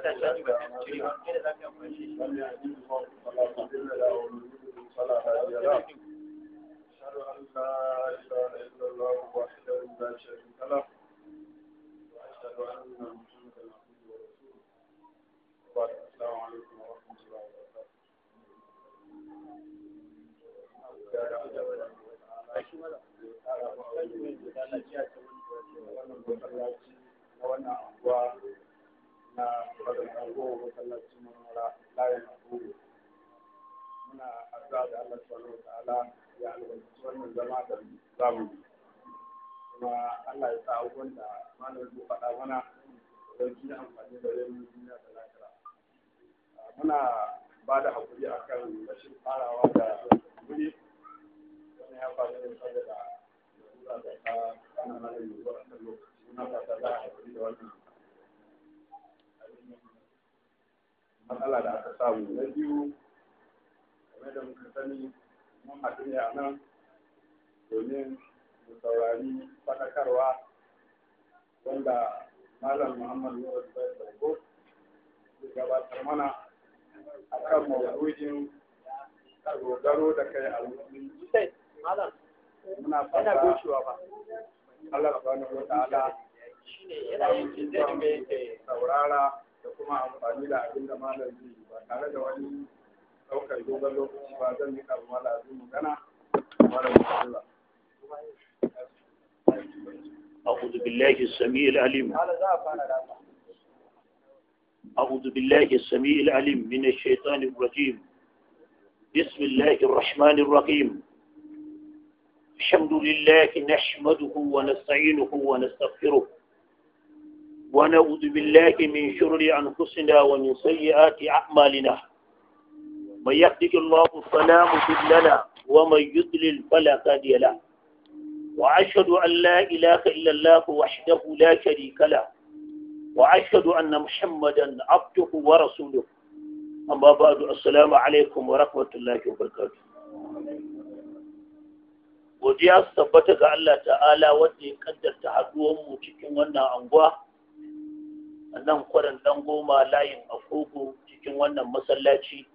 Thank you. na wannan anguwa na bazan argo masallacin manora layin abubu muna da Allah subhanahu ya albarkaci wannan zama da zamu kuma Allah ya da faɗa mana don amfani da rai mun duniya muna ba da rashin farawa da wuri ya faru ne da a kan lokaci muna fata za a da wannan matsala da aka samu na biyu game da muka sani mun haɗu ne a nan domin mu saurari faɗakarwa wanda malam muhammad yau bai sauko zai gabatar mana a kan mawuyin dogaro da kai a musulunci muna fata Allah subhanahu wa ta'ala shine yana yin zai mai eh. saurara kuma amfani da abin da malam zai ba tare da wani ɗaukar dogon ba zan yi magana malam أعوذ بالله السميع العليم أعوذ بالله السميع العليم من الشيطان الرجيم بسم الله الرحمن الرحيم الحمد لله نحمده ونستعينه ونستغفره ونعوذ بالله من شرور أنفسنا ومن سيئات أعمالنا من يهدك الله فلا مضل له ومن يضلل فلا هادي له وأشهد أن لا إله إلا الله وحده لا شريك له وأشهد أن محمدا عبده ورسوله أما بعد السلام عليكم ورحمة الله وبركاته godiya su tabbata ga Allah ta'ala wanda ya kaddarta haduwanmu cikin wannan anguwa a nan kwarin ɗan goma layin a kogo cikin wannan masallaci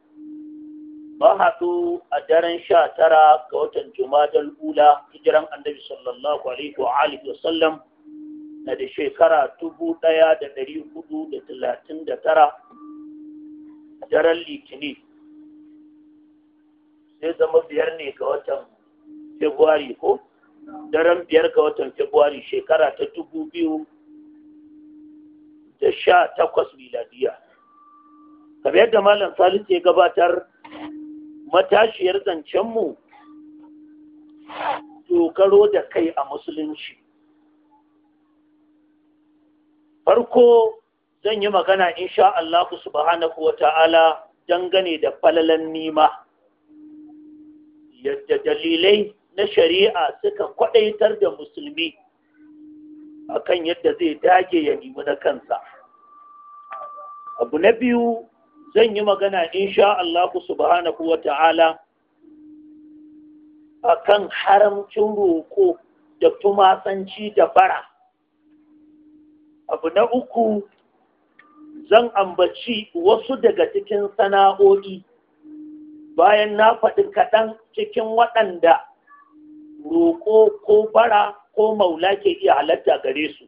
ba haɗu a daren sha tara ga watan jumadal ula hijiran annabi sallallahu alaihi wa alihi sallam na da shekara dubu ɗaya da ɗari hudu da talatin da tara daren litini sai zama biyar ne ga watan februari ko daren biyar ga watan februari shekara ta dubu biyu da sha takwas miladiya kamar yadda malam salisu ya gabatar matashiyar zancenmu dogaro da kai a musulunci farko zan yi magana insha Allah subhanahu wa ta'ala dangane da falalan nima yadda dalilai na shari'a suka kwaɗaitar da musulmi akan yadda zai dage ya nemi na kansa abu na biyu zan yi magana insha Allah subhanahu wa ta'ala akan haramcin roƙo da tumatsanci da bara abu na uku zan ambaci wasu daga cikin sana'o'i bayan na faɗi kaɗan cikin waɗanda roƙo ko bara ko maula ke iya halatta gare su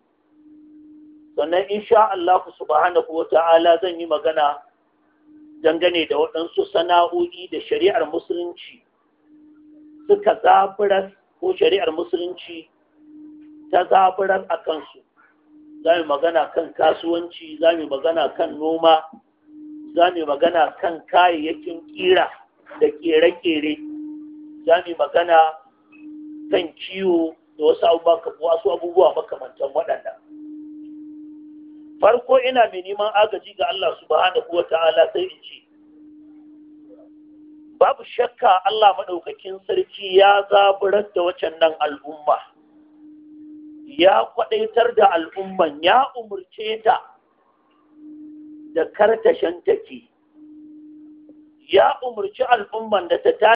sannan insha Allah subhanahu wa ta'ala zan yi magana dangane da waɗansu sana'o'i da shari'ar musulunci suka zaburar ko shari'ar musulunci ta zaburar a kansu za mu magana kan kasuwanci za mu magana kan noma za mu magana kan kayayyakin kira da kere-kere za mu magana kan ciwo. da wasu abubuwa makamantan waɗanda farko ina mai neman agaji ga Allah subhanahu wa ta'ala sai in ce babu shakka Allah maɗaukakin sarki ya zaburar da wacan nan al'umma ya kwaɗaitar da al'umman ya umarce ta da kartashen take ya umarci al'umman da ta